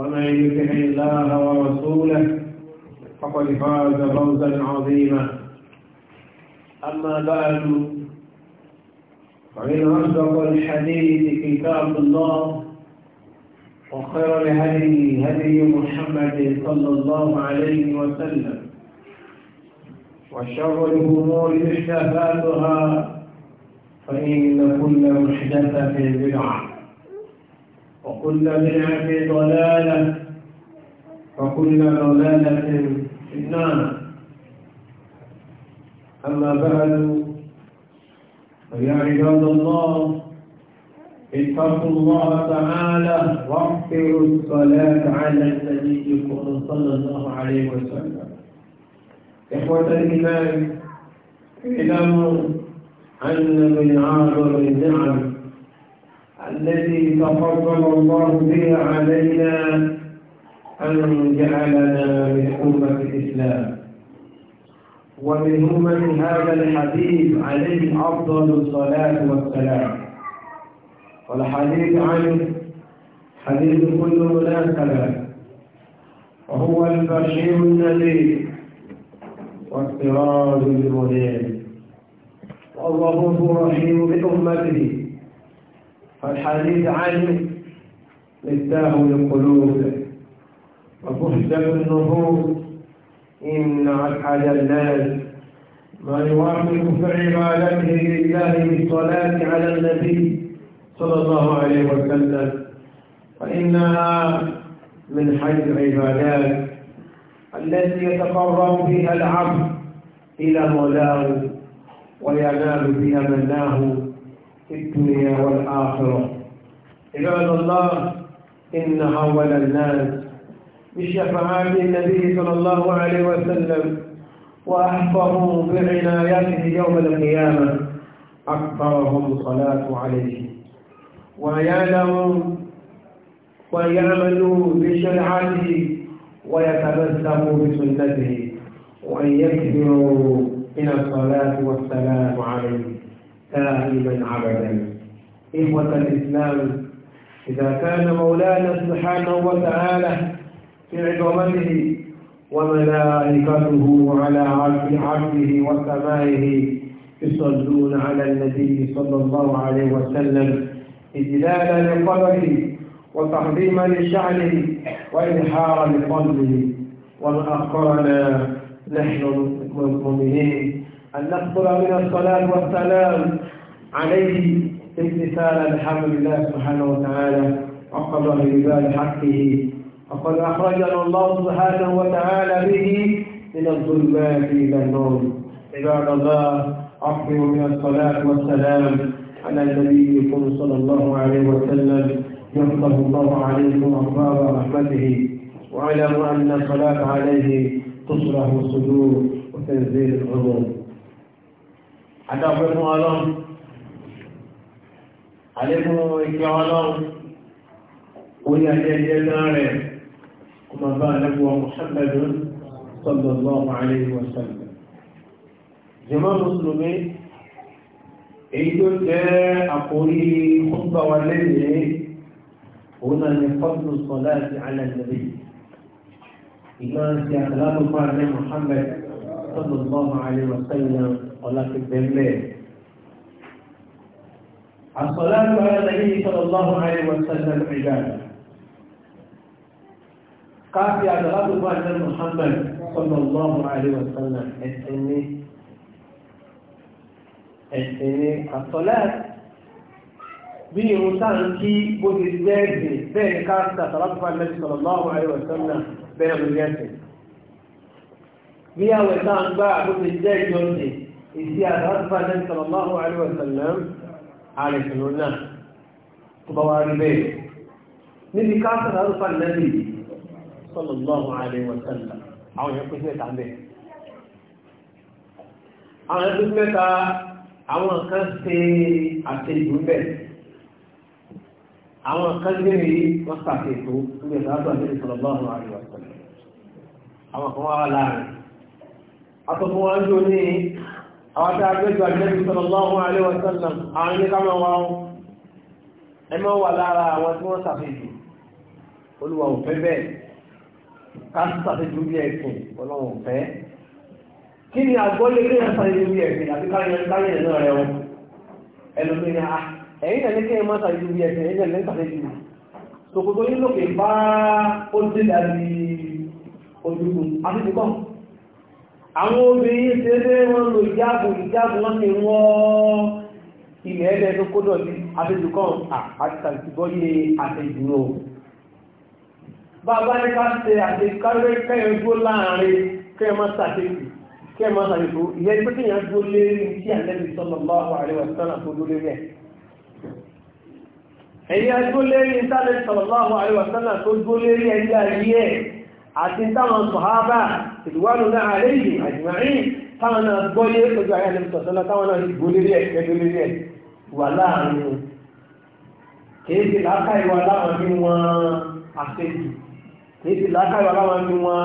ومن يطع الله ورسوله فقد فاز فوزا عظيما أما بعد فإن أصدق الحديث كتاب الله وخير لهدي هدي محمد صلى الله عليه وسلم وشر الأمور محدثاتها فإن كل محدثة بدعة وكل بدعة ضلالة وكل ضلالة في النار أما بعد فيا عباد الله اتقوا الله تعالى واغفروا الصلاة على النبي صلى الله عليه وسلم إخوة الإيمان اعلموا أن من أعظم النعم التي تفضل الله بها علينا أن جعلنا من أمة الإسلام ومن أمة هذا الحديث عليه أفضل الصلاة والسلام والحديث عنه حديث كل مناسبة وهو البشير النبي والسراج المنير والرؤوف الرحيم بأمته فالحديث عنه لله القلوب وفحشة النفوس إن أحد الناس ما يوافق في عبادته لله بالصلاة على النبي صلى الله عليه وسلم فإنها من حيث العبادات التي يتقرب بها العبد إلى مولاه وينال بها مناه في الدنيا والآخرة عباد الله إن أول الناس بشفاعة النبي صلى الله عليه وسلم وأحفظوا بعنايته يوم القيامة أكثرهم الصلاة عليه ويعلموا ويعملوا بشرعته ويتمسكوا بسنته وأن يكثروا من الصلاة والسلام عليه سائما عبدا إخوة الإسلام إذا كان مولانا سبحانه وتعالى في عظمته وملائكته على عرش عرشه وسمائه يصلون على النبي صلى الله عليه وسلم إجلالا لقدره وتعظيما لشعره وإنحارا لفضله ومن أخرنا نحن المؤمنين أن نكثر من الصلاة والسلام عليه امتثالا الحمد لله سبحانه وتعالى وقضى بجبال حقه وقد أخرجنا الله سبحانه وتعالى به من الظلمات إلى النور عباد الله أقبلوا من الصلاة والسلام على نبيكم صلى الله عليه وسلم يفضل الله عليكم أخبار رحمته واعلموا أن الصلاة عليه تصلح الصدور وتنزيل العظم adáwọ̀pẹ́ fún ọlọ́run àlékún ìkẹ́ ọlọ́run orí ayẹyẹ náà rẹ̀ kó máa bá àlẹ́kùn Muhammadun sallallahu alaihi wa sallam jàmá mùsùlùmí èyí tó jẹ́ àkórí khutbah wa lẹ́yìn òun náà ni fọ́tù sọ̀lá àti alẹ́nàbí ìgbà tí àtàlámù fún àlẹ́ Muhammad sallallahu alaihi wa sallam ọ̀la ti bẹ̀rẹ̀. àsọ̀lá ń bá ara lẹ́yìn sallallahu alaihi wa sallam ìgbà káàkiri àdàlá tó bá jẹ́ Muhammad sallallahu alaihi wa sallam ẹ̀sìn ní ẹ̀sìn ní àsọ̀lá bí irun táà ń kí bó ti gbẹ́ẹ̀sì bẹ́ẹ̀ ká tàtàlátùfà bẹ́ẹ̀ lórí ẹ̀sìn bí àwẹ̀ táà ń gbá bó ti jẹ́ ìjọ́sìn ìsí àdáfà lẹ́yìn sallallahu alaihi wasallam àrẹ̀sìnú náà tó bá wá rí bẹ́ẹ̀ níbi káàkiri àdáfà lẹ́yìn sallallahu alaihi wasallam àwọn yẹn pèsè mẹ́ta bẹ́ẹ̀ àwọn yẹn pèsè mẹ́ta àwọn kan ṣe àtẹ̀jù bẹ́ẹ̀ àwọn kan gbé mi àwọn tí a gbẹ́jọ àjẹ́bí sallallahu alaihi wa sallam àwọn ilé kámọ̀ wa ó ẹmọ́ wà lára àwọn tí wọ́n sàfihì olúwa ò fẹ́ bẹ́ẹ̀ ká sàfihì bí ẹ̀sìn ọlọ́run fẹ́ kí ni àgbọ́lé kí wọ́n sàfihì bí ẹ̀sìn àti káyẹ̀ náà rẹ̀ wọn ẹlòmínà ah, ẹ̀yìn tẹ̀lé kí wọ́n sàfihì bí ẹ̀sìn ẹ̀yìn tẹ̀lé sàfihì sòkòtò yín lókè bá ó dé dàbí ojúkùn àti àwọn obìnrin ṣe lé wọn lò ìjáàbù ìjáàbù wọn ti wọ́n ilẹ̀ ẹ̀lẹ́ tó kódọ̀ sí àfẹ́jùkọ́n àtàkìbọ́yé àfẹ́jùrò bàbá ní ká ṣe àṣekáré kẹ́yàn dúró láàrin kẹ́yàn máa ṣàṣekù kẹ́yàn máa ṣàṣekù ìyẹn pé kẹ́yàn dúró lérí tí àlẹ́bí sallallahu alaihi wasallam tó dúró lérí ẹ̀ ẹ̀yìn adúró lérí tí àlẹ́bí sallallahu alaihi wasallam tó dúró lérí ẹ̀ àti táwọn sọ̀hábà ìdúwánu náà àlẹ́yìn àjùmáyìn táwọn náà gbọ́yé ojú ayé àlẹ́ ìtọ̀sọ́lá táwọn náà gbó lérí ẹ̀ kẹ́dọ́ lérí ẹ̀ wà láàrin wọn kìí ti láká ìwà láwọn bí wọn àfẹ́jù kìí ti láká ìwà láwọn bí wọn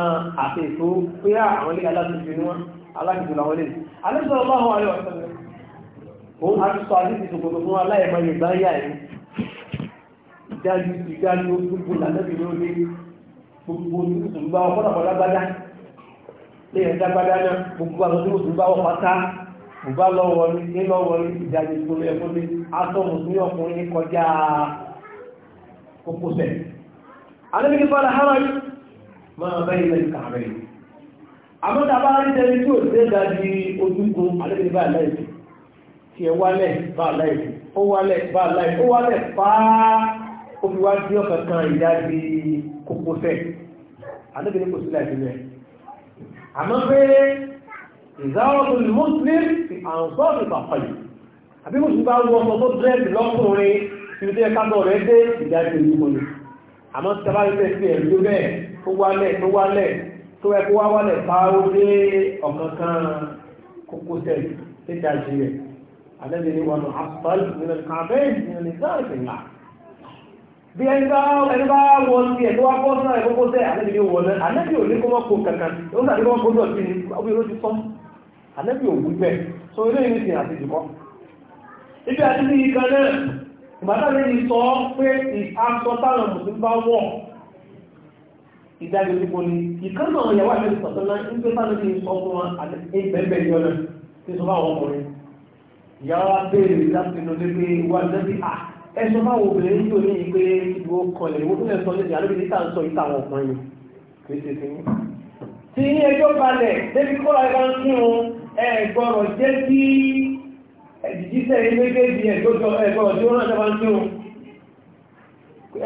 àfẹ́tò pé àwọn ilé aláṣẹ́jù ni wọn aláṣẹ́jù làwọn lè alẹ́sọ̀rọ̀ ọlọ́run ayọ̀ ọ̀sán gbogbo mùsùlùmí bá wọn kọ́nà lágbádá lẹ́yìn dágbádá náà gbogbo àwọn tí mùsùlùmí bá wọn pátá bùbá lọ́wọ́ ní nílọ́wọ́ ní ìdájí ìṣòro ẹ̀fọ́ ní rí tẹ́lẹ̀ tí ò sí ẹ̀dá di ojúgun àdébí tí ẹ wálẹ̀ bá láìsí ó wálẹ̀ bá láìsí ó wálẹ̀ fáá ó ọ̀kankan ìdájí kókó fẹ́ anábìrin kò sílẹ̀ ìbílẹ̀ àmọ́ pé ìzáwọ́tò muslim ti àǹsọ́ọ̀tì pàpàlì àbí mo ti bá wọ ọmọ tó dírẹ́ẹ̀tì lọ́kùnrin tí ó tẹ́ kábọ̀ rẹ̀ dé ìdájọ́ ìgbìmọ̀ ni àmọ́ tí a bá rí bẹ́ẹ̀ sí ẹ̀rí bẹ́ẹ̀ tó wálẹ̀ tó wálẹ̀ tó ẹ kó wá wálẹ̀ bá ó dé ọ̀kan kan kókó tẹ̀ tẹ́tà jù rẹ̀ àlẹ́ mi ni wọn àpàlì nínú kàbẹ́ẹ̀ nínú ìzáàtì náà bí ẹni bá ẹni bá wọ sí ẹ̀ tó wá bọ́ sínú ẹ̀kọ́ kóṣẹ́ ànẹ́bí ni wọ̀ náà ànẹ́bí ò ní kó mọ́ kó kankan ó sàdé kó mọ́ kó dọ̀tí ni ọbí ló ti sọ ànẹ́bí ò wú bẹ́ẹ̀ so ilé yìí ti àti jùkọ́ ibi àti ní ìkan náà ìbátà lè sọ pé aṣọ táwọn mùsùlùmí bá wọ̀ ìdájọ́ ti bọ́ni ìkan náà yẹwà àti sọ̀tọ́ náà ń gbé sáré ní sọ fún wọn àti ìbẹ̀ẹ̀bẹ̀ yọ náà ti sọ fún àwọn ọkùnrin ìyá wa béèrè láti nù ẹ̀ṣọ́ máa wo obìnrin yìí ò ní ìpé ìwò kọlẹ̀ ìwò tó lẹ̀ sọ lẹ́sìn àlóbi níta ń sọ ìta àwọn ọkùnrin yìí kìí ṣe sí. tí ní ẹjọ́ balẹ̀ débi kọ́ra ẹ̀ka ń kí wọn ẹ̀gbọ́rọ̀ jẹ́ kí ẹ̀dìjísẹ́ méjèèjì ẹ̀gbọ́jọ ẹ̀gbọ́rọ̀ tí wọ́n náà sábà ń kí wọn.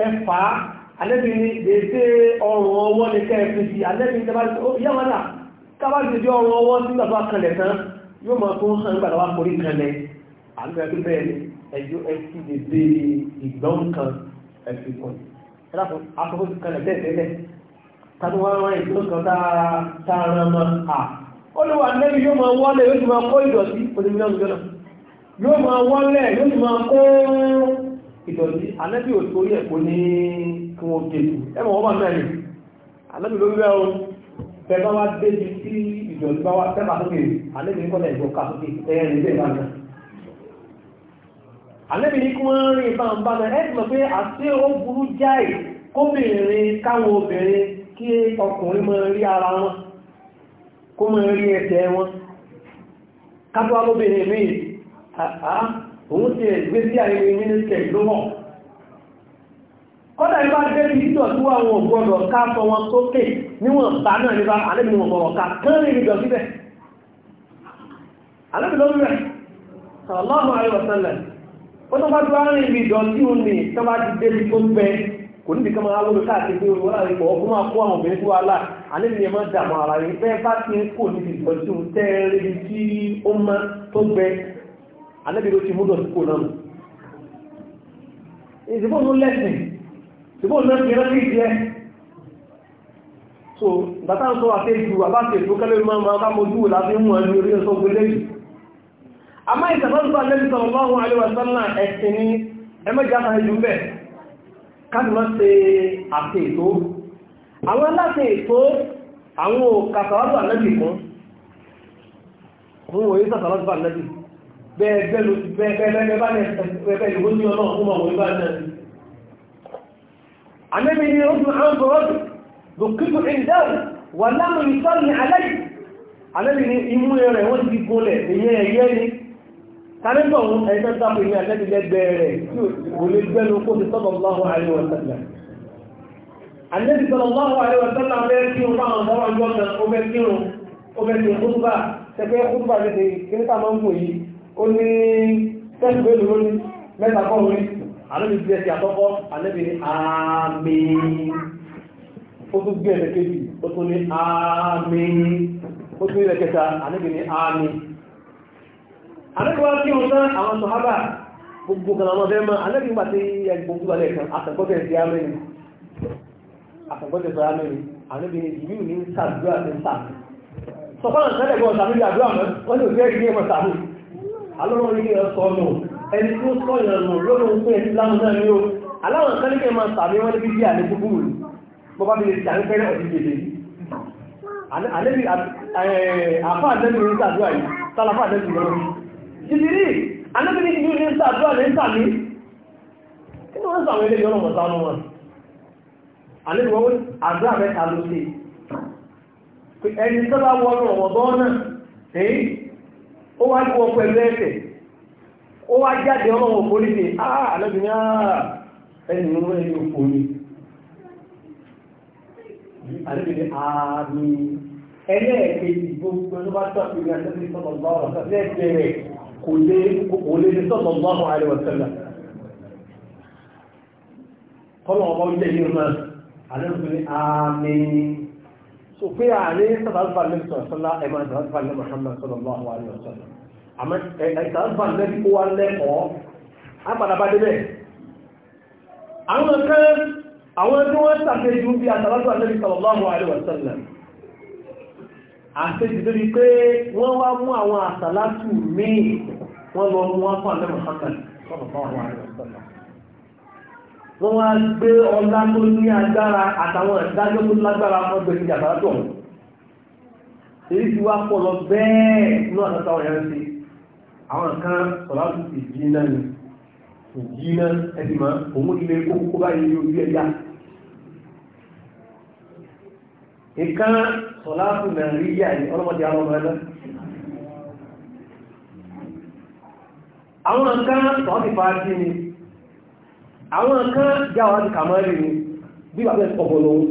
ẹ fà á alẹ́bi ni dèédé ọrùn ọwọ́ ni kẹ́ ẹ fi si alẹ́bi ni dábàá yàwọn náà ẹjọ́ ẹtí lè dé ìgbọ́n kan ẹ̀sìn kan ẹ̀dá fún akọ́kọ́ ti kalẹ̀ tẹ́tẹ́lẹ̀ tàbí wọ́n rán ìgbọ́n kan tààrà mọ́ à olùwà nẹ́bí yóò máa wọ́lẹ̀ yóò ti máa kó ìdọ̀tí olùmílíọ̀nù jọ́nà yóò máa wọ́lẹ̀ yóò ti máa kó ìdọ̀tí anẹ́bí ò torí ẹ̀kọ́ ní kí wọ́n kéjù ẹ mọ̀ wọ́n bá mẹ́rin anẹ́bí ló rẹ́ o tẹ́gbọ́n wá débi tí ìdọ̀tí bá wá tẹ́gbà sókè anẹ́bí ń kọ́ àlẹ́bí ní kí wọ́n rí ìbá ń bá náà ẹ́sìmọ̀ pé àti ó burú jáì kóbìnrin káwọn obìnrin kí ọkùnrin mọ́ rí ara wọn kó mọ́ rí ẹsẹ̀ wọn kápá lóbìnrin rí àá òun ti ẹ̀gbé sí àríwí mínísítẹ̀ ló hàn kọ́dà nípa débi ìjọ tí wọ́n àwọn ògbọ́dọ̀ ká sọ wọn sókè níwọ̀n bá náà nípa àlẹ́bí wọn bọ̀rọ̀ ká kán rí ìjọ síbẹ̀ àlẹ́bí lórí rẹ̀ sallallahu alaihi wasallam wọ́n tó bá tó bá rìn ibi ìdọ̀tí òun ni tó bá ti débi tó gbẹ kò ní ìdíkan máa lórí káàkiri pé olùwọ́n láti pọ̀ ọkùnrin máa kó àwọn obìnrin tó wà láà alẹ́ nìyẹn máa dààmú ara rẹ̀ bẹ́ẹ̀ bá ti ń kó níbi ìdọ̀tí òun tẹ́ẹ̀rẹ́ ibi tí ó má tó gbẹ alẹ́ bí ló ti mú dọ̀tí kò náà ìdìbò ló lẹ́sìn ìdìbò náà ti rántí jẹ́ so bàtà ń sọ àti ìdù àbáṣe ìdókẹ́lẹ́ máa máa bá mojú láti mú ẹni orí ẹ̀sọ́ gbẹlẹ́yìn àmá ìtàfẹ́lúgbà lẹ́bí sọ̀rọ̀lọ́wọ́ àríwàsánà ẹ̀sìn ní ẹmẹ́játa ìjúmbẹ̀ káàkiri ṣe àti ètò àwọn aláṣẹ ètò àwọn kàtàwàlúwà lẹ́bí fún fún òye sàtàwàlúwà lẹ́bí bẹ́ẹ̀bẹ́ẹ̀ Àlẹ́bìnrin imú rẹ̀ wọ́n ti gúnlẹ̀ èyẹ ẹ̀yẹ́ ni kálẹ́tọ̀ ọ̀hún ẹ̀jẹ̀ sáfù ní àtẹ́tìlẹ́gbẹ̀ẹ́ rẹ̀ tí ò lè gbẹ́nu kó ti sọ́dọ̀ láwọn àríwọ̀ sẹ́lẹ̀. àtẹ́tì sọ́dọ̀ láwọn àríwọ̀ sẹ́lẹ̀ abẹ́ kí n fáwọn ọ̀dọ́ wọn jọ́nà ó fẹ́ kí n ó fẹ́ kí n kúrúbà tẹ́fẹ́ kúrúbà tètè kí n sàmọ́ ń fò yìí ó ní tẹ́sùgbé ló ní mẹ́ta kọ́ orí àlọ́bí bí ẹsẹ̀ àkọ́kọ́ àlẹ́bí ní àmì ó tún gbé ẹ̀rẹ̀ kejì ó tún ní àmì ó tún ní ẹ̀rẹ̀ kẹta àlẹ́bí ní àmì àdẹ́gbẹ̀wá kí wọ́n tán àwọn sọ̀hábà gbogbo kan àwọn ọ̀dẹ́mọ́ alẹ́gbẹ̀gbà tí ẹgbogbo alẹ́ kan àtàgbọ́tẹ̀ sí amẹ́rin àtàgbọ́tẹ̀ sí amẹ́rin àdẹ́gbẹ̀ni ìlú ní sàdúrà ní sàdúrà sọ̀kọ́nà tẹ́lẹ̀ gbọ́n sàmúlì àdúrà mọ́ wọ́n ní òfin ẹ̀rí ẹ̀mọ́ sàmú alọ́run ní ẹ̀rọ sọ nù ẹni tí ó sọ ìrànù lọ́rùn fún ẹni láwọn náà ní o aláwọn kan ní kí ẹ máa sàmí wọn níbi bí àlejò fún mi bọ́ bá mi lè sàmí fẹ́rẹ́ ọ̀dí gbèdé àlẹ́bí àfáà lẹ́bí ní sàdúrà yìí sálàfáà lẹ́bí lọ́rùn jìbìrì anábì ní ìlú ní ń sàdúrà ní ń sàmí kí ni wọ́n sàwọn ilé yọ́nà mọ̀ sánú wọn anábì wọ́n àdúrà mẹ́ta ló sí ẹni tó bá wọ́n ọ̀wọ̀ bọ́ náà èyí ó wá ní wọn pẹ̀lú ẹ̀fẹ̀ ó wá jáde ọmọ wọn kò ní ṣe áà ah, anábì ní áà ah, ẹni ní wọ́n ẹni òfò ni anábì ní ààmì ẹlẹ́ẹ̀kejì gbogbo ẹni tó bá tọ́ kò lè kò lè ní sọ́tọ̀ bọ́ọ̀mù àríwọ̀sẹ́lá kọ́lọ̀ ọmọ ilé yìí rán àrẹ́sùnrin àmì so pé ààrẹ sàtàlùfà lẹ́bí sọ̀rọ̀sọ́lá ẹ̀mà sàtàlùfà lẹ́bí Muhammad sọ̀rọ̀lọ́wọ́ àríwọ̀sẹ́lá àmọ́ sàtàlùfà lẹ́bí ó wá lẹ́kọ̀ọ́ àpàdàbà débẹ̀ àtẹ́jì tó di pé wọ́n wá mú àwọn àsàlátù míì wọ́n lọ mú wá fún àlẹ́mọ̀ sọ́kàn wọ́n wá gbé ọlá tó ní agbára àtàwọn ìdájọ́ tó lágbára fún ọgbẹ̀ni ìjàmbá tó èyí ti wá pọ̀ lọ bẹ́ẹ̀ ní àtàtà ọ̀yà ń ṣe àwọn kan sọ̀látù ti jí náà ni jí náà ẹ̀dìmọ̀ òun ilé kókó báyìí ní orí ẹ̀yà ìkan sọ̀láàtù nàìjíríà ya ọlọ́mọdé alọ́mọdé àwọn kan sọ́ọ̀tì fàájí ni àwọn kan jáwàájú kàmárì ni bí wà bẹ́ẹ̀ pọ̀pọ̀ lóhun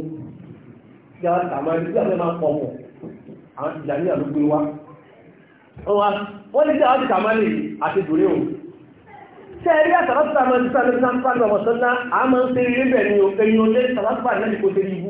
jáwàájú kàmárì bí wà bẹ́ẹ̀ máa pọ̀pọ̀ àwọn ìjàníyà ló gbé wá wọ́n ní jáwàájú kàmárì àti dùrí òun sẹ́ẹ̀rí àtàlátà máa ń sáré sáńpá lọ́wọ́ sọ́nà àmọ́ ń ṣe eré bẹ̀rẹ̀ ni òfin yóò lé kò ṣe ibú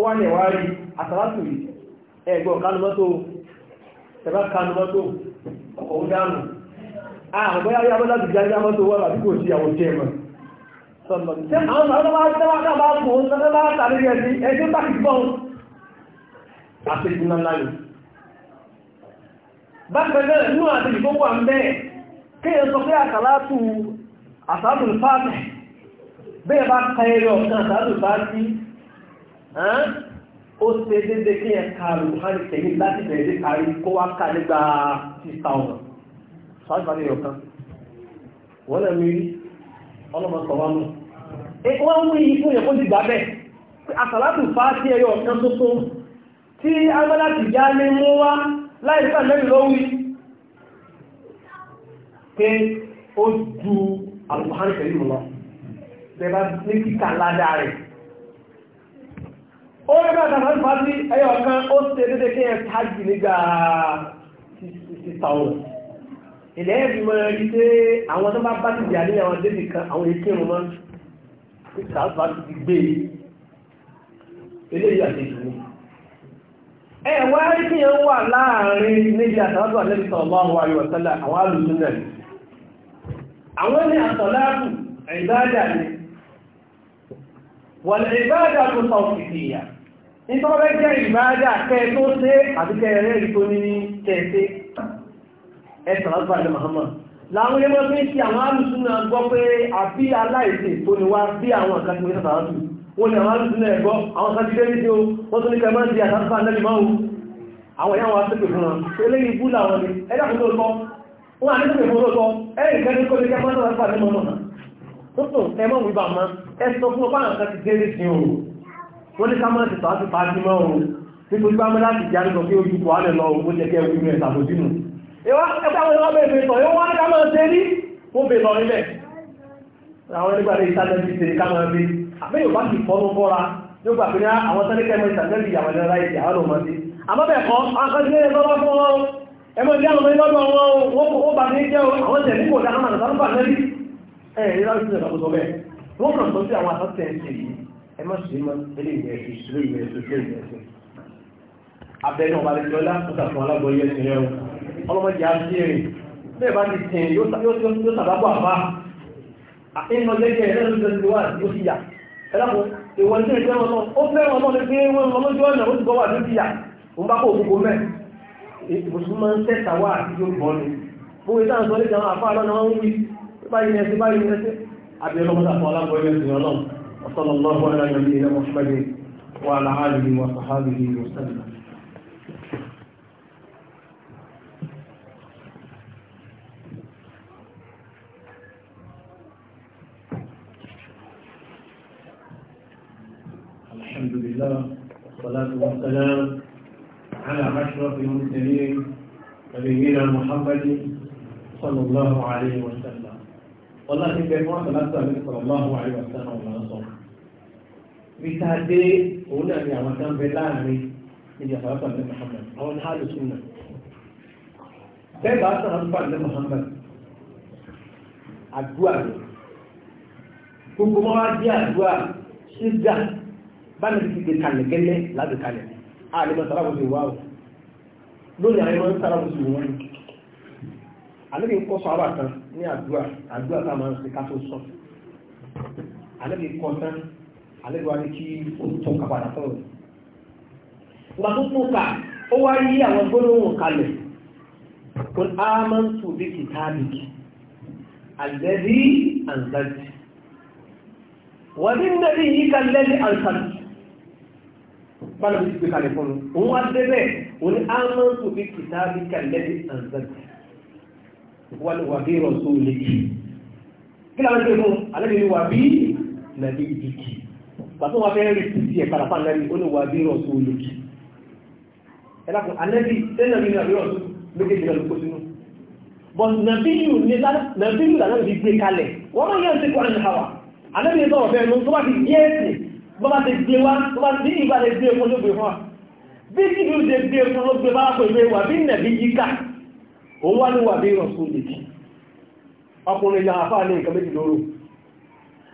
ó wá lẹ̀wà rí àtàlátùrí ẹgbọ́n kanumọ́tò ẹ̀bá kanumọ́tò ọkọ̀ dánù àgbẹ́yàwó abọ́láti jáde mọ́tò wọ́n àti kò sí àwọn jẹ́ mọ́ bákanáà ní àti ìgbógbà ń bẹ́ẹ̀ kí ẹ sọ pé àtàlátù àtàlátù fàáfẹ́ bá kẹrẹ ó ṣe déédéé kí ẹ ka lùhánì tẹ̀yìn láti bẹ̀rẹ̀ kárí kó wá ká nígbà six thousand five hundred ọ̀kan wọ́n náà mi rí ọlọ́mọ sọ wá mọ̀ ẹ wọ́n ń wí fún yẹn kó ti gbà bẹ́ẹ̀ àsàlátù fà á sí ẹyọ ọ̀kan tuntun tí agbádá ti já ní mú wá láì sáà mẹ́rin ló wí pé ó ju àlùhánì tẹ̀yìn lọ bẹ́ẹ̀ bá ní kíkà ládàá rẹ̀ o rí bá àtàkùn àlùfáà sí ẹyọ kan ó ṣe dédé kí ẹ tájì nígbà sísà wọn ilẹ̀ ẹ̀rí mọ rí pé àwọn tó bá bá ti jà ní àwọn débì kan àwọn ìkírun mọ́ sísà àlùfáà ti gbé e. eléyìí àtẹ̀jù ni ẹ wá rí kí yẹn wà láàrin níbi àtàlátù àlẹ́bìsọ̀ ọlọ́run wa yíò tẹ́lẹ̀ àwọn alùsùn náà àwọn ní àtàlátù ìbádà ni wọ̀lẹ̀ ìbádà tó nítorí jẹ́ ìbáadà kẹ́ tó ṣe àbíkẹ́ rẹ̀ rí tó ní kẹ́ẹ̀ṣe ẹ̀sàn àgbàlẹ̀ Muhammad láwọn ilé mọ́ fi ń ṣe àwọn alùsùnà gbọ́ pé àbí aláìsè tó ni wá bí àwọn nǹkan tí wọ́n sábà tù wọ́n ni àwọn alùsùnà ẹ̀gbọ́ àwọn sábìdé ní tó wọ́n tó ní kẹ́mọ́ sí àtàkùn àlẹ́lì máa wù àwọn ìyá wọn sẹ́pẹ̀ fún wọn eléyìí bú làwọn ni ẹ̀dá fún lóòótọ́ wọn àti sẹ́pẹ̀ fún lóòótọ́ ẹ̀rì kẹ́ni kó ní kẹ́mọ́ sọ́wọ́ wọ́n ní sámọ́ ti sọ́ọ́ ti pàájú mọ́ òun nítorí bá mọ́ láti jẹ́ àríkọ̀ kí ojú kò á lẹ̀ lọ òun jẹ́ kẹ́ wíwẹ̀ ṣàbòsínú ẹwà ẹgbẹ́ àwọn ọmọ ẹgbẹ́ sọ yóò wá ní kámọ́ ṣe rí ó bè lọ nílẹ̀ àwọn nígbà tí ìsájẹ́ ti ṣe kámọ́ rí àbẹ́ yóò bá ti fọ́nú fọ́ra yóò gbà pé ní àwọn sẹ́lẹ̀kẹ́ mọ́ ìsàjẹ́ bí àwọn ẹ̀rọ ìdí àwọn ọmọ sí àmọ́ bẹ́ẹ̀ kọ́ akọ́sílẹ̀ lọ́wọ́ fún wọn ẹmọ ìdí àwọn ọmọ wọn ó bà ní jẹ́ àwọn tẹ̀lé kò dáná màtàlú bà lẹ́rí ẹ̀ẹ́rẹ́ láti ṣe ìrọ̀lọ́sọ bẹ́ẹ̀ wọ́n kàn sọ sí àwọn àtọ́tẹ̀ ń ṣe yìí ẹ má sì mọ eléyìí ẹ̀sìn eléyìí ẹ̀sìn eléyìí ẹ̀sìn. abẹ́rẹ́ ọba lè jọlá ó sàfún alágbọ̀ọ́yé ẹ̀sìn rẹ o ọlọ́mọdé á sí èrè bẹ́ẹ̀ bá ti tẹ̀ yóò sàbábọ̀ àbá àfihàn jẹ́jẹ́ ẹ̀rẹ́lú tẹ̀síwá yóò sì yà ẹ̀lápọ̀ ìwọ̀n tí ìjẹ́ ọmọ ó fẹ́ràn ọmọ ní pé wọ́n lọ lójú ọ̀nà ó ti bọ́ wà ní ìyà ń bá kó òkúkú mẹ́ ìbùsùnmọ́ ń tẹ́ta wà àti yóò bọ́ ni fún ìta ń sọ ní ìjọ àwọn àfáà lọ́nà wọ́n ń wí báyìí ẹsẹ̀ báyìí ẹsẹ̀ àbí ọlọ́mọdà fún alábọ̀ ẹgbẹ́ ìrìn ọlọ́run وصلى الله على نبينا محمد وعلى آله وصحبه وسلم الحمد لله والصلاة والسلام على أشرف المرسلين نبينا محمد صلى الله عليه وسلم والله في بيت واحد صلى الله عليه وسلم bíta dé òun náà ni àwọn tán bẹ láàrin níbi àfàlàfà ní Muhammad àwọn hálù súnà bẹ́ẹ̀ bá sàn án fà ní Muhammad àdúrà rẹ̀ gbogbo wọn wá dé àdúrà ṣígà bá ní ti gbé kalẹ̀ gẹ́lẹ́ láti kalẹ̀ àlèmọ̀ sàràbọ̀ sí wà ó lónìí àwọn ẹ̀mọ́ sàràbọ̀ sí wọn àlèmọ̀ a àlejò àti kí ó tún ká padà sọ̀rọ̀ ìgbà tó tún ká ó wá yí àwọn gbólóhùn kalẹ̀ kò ámántù bí kìtàbìkì àlẹ́bí àǹtàjì wà ní nàbí yí ká lẹ́bí àǹtàjì o bí gbé kalẹ̀ fún un òun á débẹ̀ òun ní ámántù bí kìtàbìkì àlẹ́bí àǹtàjì wà ní wàbí rọ̀ sóòlì kí láwọn ṣe fún àlẹ́bí wàbí nàbí ìdíkì pàtó wọn fẹ́ rí títí ẹ̀ padà fáwọn lẹ́rí oníwà bí rọ̀ tó lò kí ẹ̀dàkùn anẹ́bí tẹ́lẹ̀ mi náà rírọ̀ méjèèjì lọ lóko sínú but nàbíyù ní nàbíyù lànàbí ti gbé kalẹ̀ wọ́n máa yẹ́ ń tẹ́kọ̀ọ́ ní àwà anẹ́bí ẹ̀dọ́ ọ̀fẹ́ ẹnu tó bá ti gbé ẹ̀sìn bó bá ti gbé wá tó bá ti ìgbà lè gbé epo ló gbé fún wa bí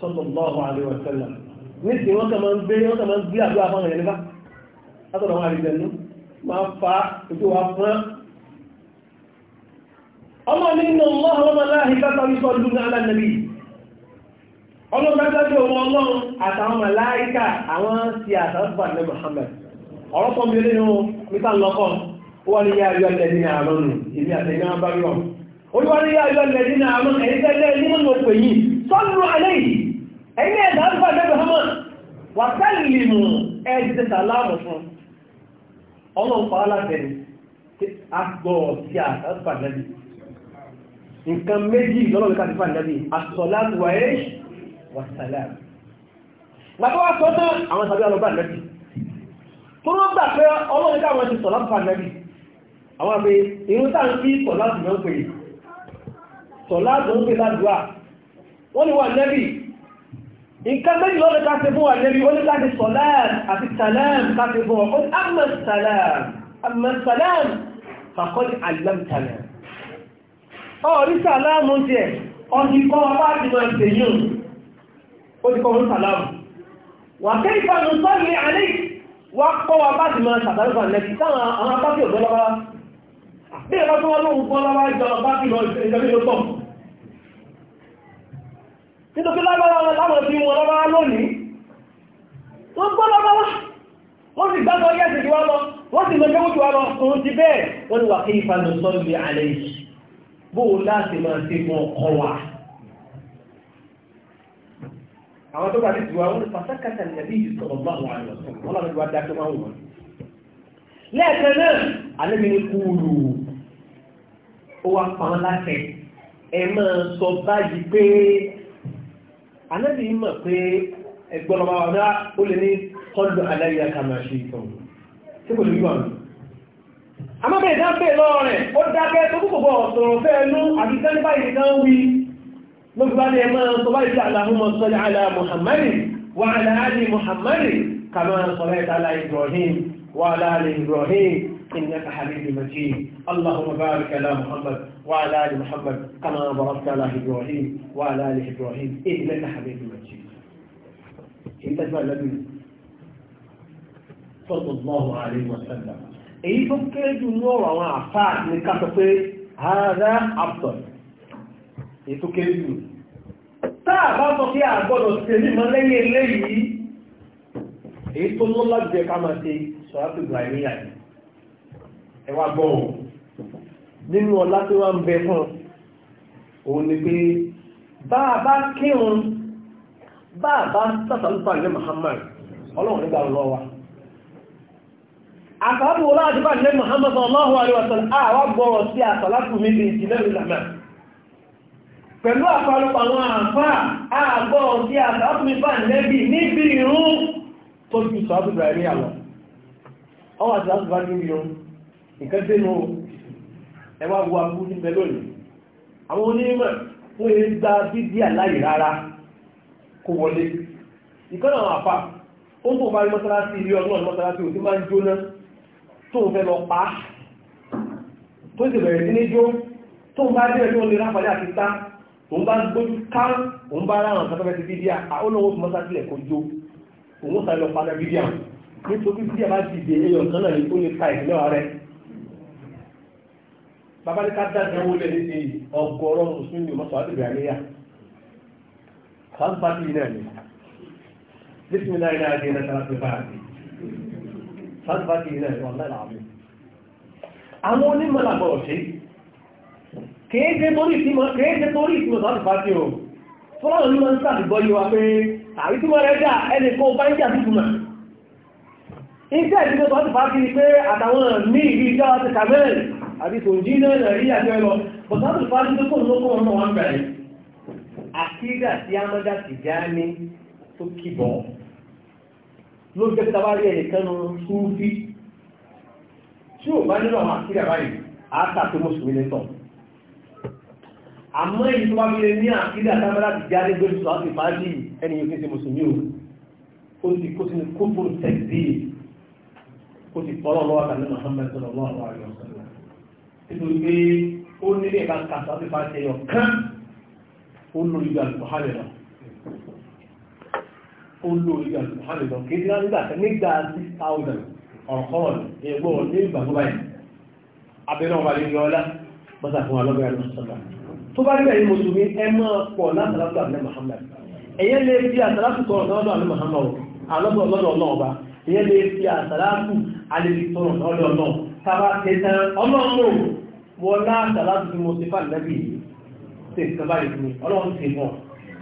sallallahu alaihi wa sallam ní sí wọ́n kàn máa ń gbé wọ́n kàn máa ń gbé àdúrà fáwọn èèyàn nípa látọ̀dọ̀ àwọn àrìjẹ̀nú máa fa ojú wa fún ọmọ ní inú ọmọ ọmọ láàrín bàbá wípé ọdún náà lánàbí ọlọ́gbàgbàgbà ọmọ ọlọ́run àtàwọn màláíkà àwọn sí àtàwọn ní Muhammad ọ̀rọ̀ kan bèèrè nínú nípa lọ́kọ̀ ó wà ní yá ayọ́ lẹ́ni àárọ̀nù ìbí àtẹ̀yìn ẹ̀yìn ẹ̀dà àdúgbà jẹ́bẹ̀ hamad wà tẹ́lì mú ẹ̀ẹ́dẹ̀ sàlámù fún ọlọ́pàá alátẹ̀ni agbọ́ sí àtàkùn àjẹ́bì nǹkan méjì lọ́lọ́lọ́ká ti fàn jáde àsọ̀láàtù wà ẹ́ wà sàlámù gbàtọ́ wá sọ́tọ́ àwọn sàbí ọlọ́gbà nẹ́bì tó ló gbà pé ọlọ́lọ́ká àwọn ti sọ̀láàtù fàn nẹ́bì àwọn àbẹ irun tá ń kí sọ̀láàtù náà pè sọ̀láàtù ń pè ládùá wọ́n ni wà nẹ́bì nǹkan méjì ló ní ká ṣe fún àlẹ́bí ó ní ká ṣe sọ̀láàm àti sàlám ká ṣe fún ọkọ̀ àmà sàlám àmà sàlám fàkọ́lì àlámtàlá ọ̀rí sàlámù jẹ́ ọdíkọ́ fájìmọ̀ ṣèyún ó ti kọ́ fún sàlámù wà kẹ́ ìfànù sọ́lẹ̀ àlẹ́ wà kọ́ nítorí lágbára wọn láwọn bí wọn lọ́wọ́ lónìí wọ́n gbọ́ lọ́wọ́ wọ́n sì gbàgbọ́ yẹ́ sì ti wá lọ wọ́n sì mọ̀jẹ́ wọ́n ti wá lọ òun ti bẹ́ẹ̀ wọ́n ni wà kí ipa lọ sọ́ọ́ lè àlẹ́ yìí bó o láti máa ṣe mọ́ ọkọ wa. àwọn tó bá ti tiwa wọn pàtàkàtà nàbí yìí sọ̀rọ̀ bá wọn àlọ́ wọn làwọn ti wá dákẹ́ máa wọn. lẹ́ẹ̀kan náà alẹ́ mi ní kúlù ó wá pa wọn láṣẹ ẹ máa sọ báyìí pé anábì mọ̀ pé ẹgbọ́n ọmọ ọ̀dá ó lè ní kọlu aláìyá ká máa ṣe ìtàn tí kò lè wà mí amábẹ̀ ìdá bẹ́ẹ̀ lọ rẹ̀ ó dákẹ́ tó kúkò sọ̀rọ̀ fẹ́ ẹnu àti sẹ́ni báyìí wí lóbi ní ẹ máa sọ báyìí sí aláhùnmọ̀ alá muhammadin wa alá ali muhammadin kàmá alá ibrahim wa alá ibrahim إنك حبيب مجيد اللهم بارك على محمد وعلى آل محمد كما باركت على إبراهيم وعلى آل إبراهيم إنك حبيب مجيد إن تجمع النبي صلى الله عليه وسلم إي فكر جنور وما عفا من هذا أفضل إي فكر جنور تا بابا فيها أبدا سيدي من لي لي إي طول الله بيك عمتي سؤال إبراهيم يعني ẹwà gbọ́n nínú ọlá tí wọ́n ń bẹ fún òun ni pé bàbá kírun bàbá sàtàlùfà ní Muhammad ọlọ́run nígbà lọ́wọ́ wa wọlá àdúgbà Muhammad gbọ́rọ̀ sí ìjìnlẹ̀ ìlànà pẹ̀lú àwọn àǹfà àgbọ́rọ̀ sí níbi ìrún tó ju àlọ́ ọwọ́ ìrún nǹkan dénú ẹwà wo aburú ní bẹ lónìí àwọn onímọ̀ fún eré gba bíbí àláyè rárá kó wọlé ìkọ́nà àwọn àfà ó ń bò bá rí mọ́sálásí ilé ọlọ́run mọ́sálásí òtí máa ń jóná tó ń fẹ́ lọ pa á tó sì bẹ̀rẹ̀ sí ní jó tó ń bá dé ẹjọ́ lè rápàdé àti tá òun bá gbójú ká òun bá ráhàn sáfẹ́fẹ́ sí bíbí àólówó fún mọ́sálásí náà ní ó lè pa ìpínlẹ̀ rẹ̀ bàbá ní ká dáadáa owó lẹ̀ ní ti ọgọ́rọ̀ mùsùlùmí ọmọ sọ̀rọ̀ àdìgbà níyà fáńpá tí ilé ẹ̀mí bísí náà ilé ajé náà sára pé báyìí fáńpá tí ilé ẹ̀mí ọ̀nà ìlànà àwọn onímọ̀ làbọ̀ ọ̀ṣẹ́ kéèké torí ìsìnmọ̀ kéèké torí ìsìnmọ̀ sọ̀rọ̀ fà sí o fọ́nà ní wọ́n ń sàdìgbọ́ yìí wa pé àríkúmọ̀ rẹ̀ dà ẹnì kan bá ń jà tuntun náà iṣẹ́ ìdíjọ́ sọ̀rọ̀ fà pé àtàwọn míì àbí kò jí náà nà rí àjọ ẹlọ bọ̀tátù fájú tó kùn lókùn ọmọ wọn bẹ̀rẹ̀ àkídà tí amọ́dá ti já ní tó kìbọ̀ ló jẹ́ tí tàbá rí ẹnìkan nù súnfí tí ò bá nínú àwọn àkídà báyìí àátà tó mọ̀sùlùmí lẹ́tọ̀ àmọ́ èyí tó bá fi lè ní àkídà tábàlá ti já ní gbé sọ àti fájú ẹni yóò fi ṣe mọ̀sùlùmí o ó ti kó sínú kófòrò tẹ̀sí nítorí pé ó nílé ẹ̀ka kàtà pípa tẹyọ kán ó lò ìgbà ìbùhálẹ̀ lọ ó lò ìgbà ìbùhálẹ̀ lọ kí ní nígbà nígbà six thousand ọ̀rọ̀kọ́rọ̀ ẹgbọ́n ní ìgbà tó báyìí abẹ́rẹ́ ọba lè yọ ọlá bọ́sà fún alọ́gbẹ̀rẹ́ lọ́sọ̀tọ̀ tó bá nígbà yìí mùsùlùmí ẹ máa pọ̀ látàlátà àbẹ́ Muhammad ẹ̀yẹ́ lè fi àtàlátù tọrọ lọ́dọ̀ àbẹ́ Muhammad alọ́dọ̀ lọ́dọ̀ ọlọ́ọ̀ba ẹ̀yẹ́ lè fi àtàlátù alẹ́ fi tọrọ lọ́dọ̀ ọlọ́ọ̀ mo láàtà láti mo ti fà tí ọlọ́run ti mọ̀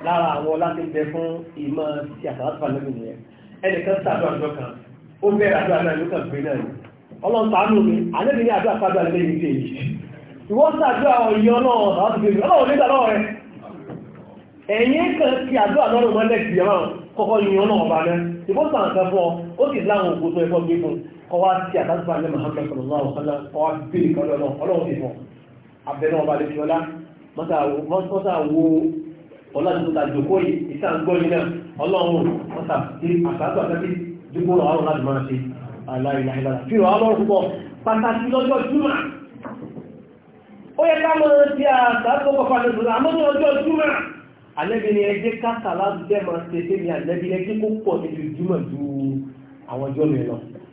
lára àwọn láti bẹ fún ìmọ̀ ti àtàlátì fà nẹ́bì nìyẹn ẹnìkan sàdó àjọ kan ó bẹ̀rẹ̀ àdó àná ìlú kan pé náà ọlọ́run tàánù mi àlẹ́bì ní àdó àpájọ àlẹ́bì ní ti ìwọ́n sàdó àwọn náà ọlọ́run náà kọwa sí àtàkùn àlẹ́ Muhammad sallallahu alaihi wa sallam kọwa bíi kan lọ́nà ọlọ́run ti fọ́ abẹ́rẹ́ ọba àlejò ọlá mọ́tà wo ọlọ́run tó ta jòkó yìí ìta ń gbọ́ yìí náà ọlọ́run mọ́tà sí àtàkùn àtàkùn dúpọ̀ àwọn láti máa ṣe aláìláìlára fi rọ̀ ọlọ́run púpọ̀ pàtàkì lọ́jọ́ júmà ó yẹ ká mọ́ sí àtàkùn pàtàkì àmọ́ ní ọjọ́ júmà alẹ́bí ni ẹjẹ́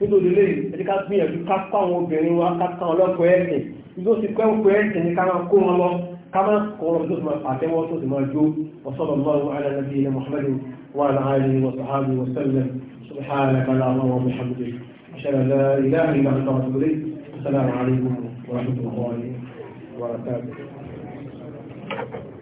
nítorí lè ẹni ká gbìyànjú ká kọ́ àwọn obìnrin wa ká kọ́ ọlọ́pọ̀ ẹ̀sìn ìgbó ti kọ́ ẹ̀kọ́ ẹ̀sìn ní ká máa kó wọn lọ ká máa kọ́ wọn tó ti máa pàtẹ́wọ́ tó ti máa jó sallallahu ala nabiyyina